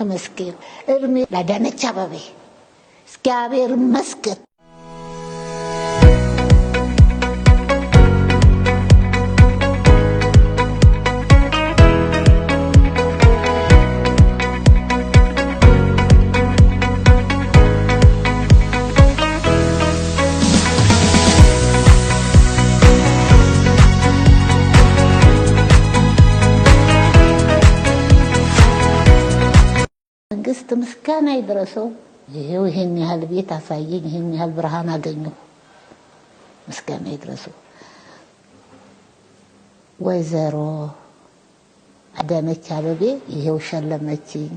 ተመስገን እድሜ ላዳነች አበቤ። እስኪ አቤር ይመስገን መንግስት ምስጋና ይድረሰው። ይሄው ይሄን ያህል ቤት አሳየኝ፣ ይሄን ያህል ብርሃን አገኘሁ፣ ምስጋና ይድረሰው። ወይዘሮ አዳነች አበቤ ይሄው ሸለመችኝ፣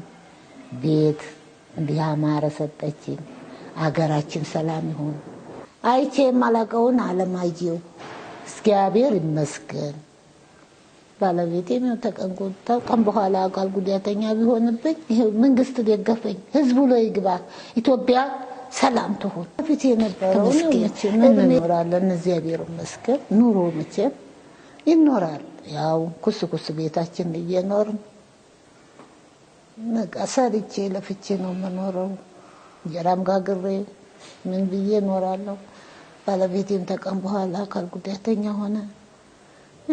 ቤት እንዲህ አማረ ሰጠችኝ። አገራችን ሰላም ይሁን። አይቼ የማላቀውን አለማየሁ፣ እግዚአብሔር ይመስገን። ባለቤቴ ተቀን በኋላ አካል ጉዳተኛ ቢሆንብኝ መንግስት ደገፈኝ። ህዝቡ ላይ ይግባ ኢትዮጵያ ሰላም ትሁን። ፊት የነበረው እንኖራለን። እግዚአብሔር ይመስገን። ኑሮ መቼም ይኖራል። ያው ኩስ ኩስ ቤታችን እየኖርን በቃ ሰርቼ ለፍቼ ነው የምኖረው። እንጀራም ጋግሬ ምን ብዬ እኖራለሁ። ባለቤቴም ተቀን በኋላ አካል ጉዳተኛ ሆነ።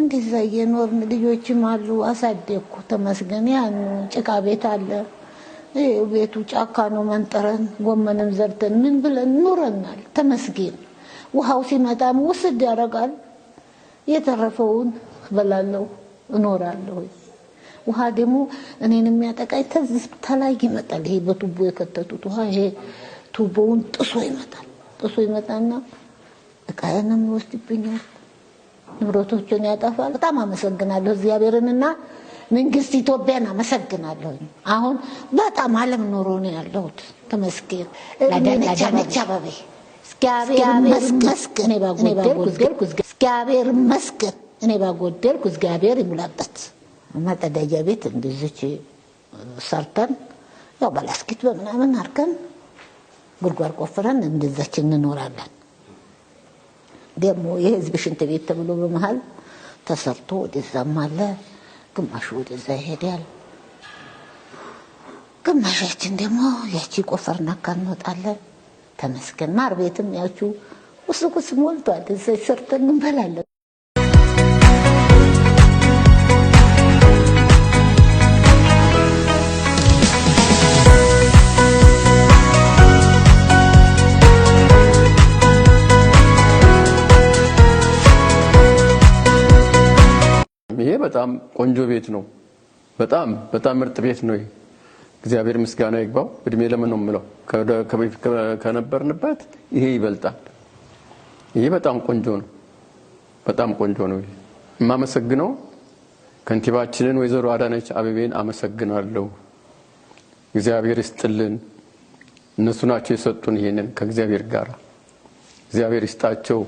እንደዛ እየኖርን ልጆችም አሉ አሳደግኩ። ተመስገን ያን ጭቃ ቤት አለ ቤቱ ጫካ ነው። መንጠረን ጎመንም ዘርተን ምን ብለን ኑረናል። ተመስገን ውሃው ሲመጣም ውስድ ያደርጋል። የተረፈውን በላለው እኖራለሁ። ውሃ ደግሞ እኔን የሚያጠቃኝ ተላይ ይመጣል። ይሄ በቱቦ የከተቱት ውሃ ይሄ ቱቦውን ጥሶ ይመጣል። ጥሶ ይመጣና እቃዬንም ይወስድብኛል። ንብረቶቹን ያጠፋል። በጣም አመሰግናለሁ እግዚአብሔርንና መንግስት ኢትዮጵያን አመሰግናለሁ። አሁን በጣም አለም ኑሮ ነው ያለሁት። ተመስገን አበቤ እግዚአብሔር መስገን እግዚአብሔር እኔ ባጎደልኩ እግዚአብሔር ይሙላበት። መጠደጃ ቤት እንደዚች ሰርተን ያው ባላስኪት በምናምን አርከን ጉድጓድ ቆፍረን እንደዛችን እንኖራለን። ደግሞ የህዝብ ሽንት ቤት ተብሎ በመሀል ተሰርቶ ወደዛም አለ፣ ግማሹ ወደዛ ይሄዳል። ግማሻችን ደግሞ ያቺ ቆፈርና ካልንወጣለን ተመስገን ማር ቤትም ያቺ ቁስቁስ ሞልቷል። እዛ ሰርተን እንበላለን። በጣም ቆንጆ ቤት ነው። በጣም በጣም ምርጥ ቤት ነው። እግዚአብሔር ምስጋና ይግባው። እድሜ ለምን ነው የምለው ከነበርንበት ይሄ ይበልጣል። ይሄ በጣም ቆንጆ ነው። በጣም ቆንጆ ነው። የማመሰግነው ከንቲባችንን ወይዘሮ አዳነች አቤቤን አመሰግናለሁ። እግዚአብሔር ይስጥልን። እነሱ ናቸው የሰጡን ይሄንን ከእግዚአብሔር ጋር እግዚአብሔር ይስጣቸው።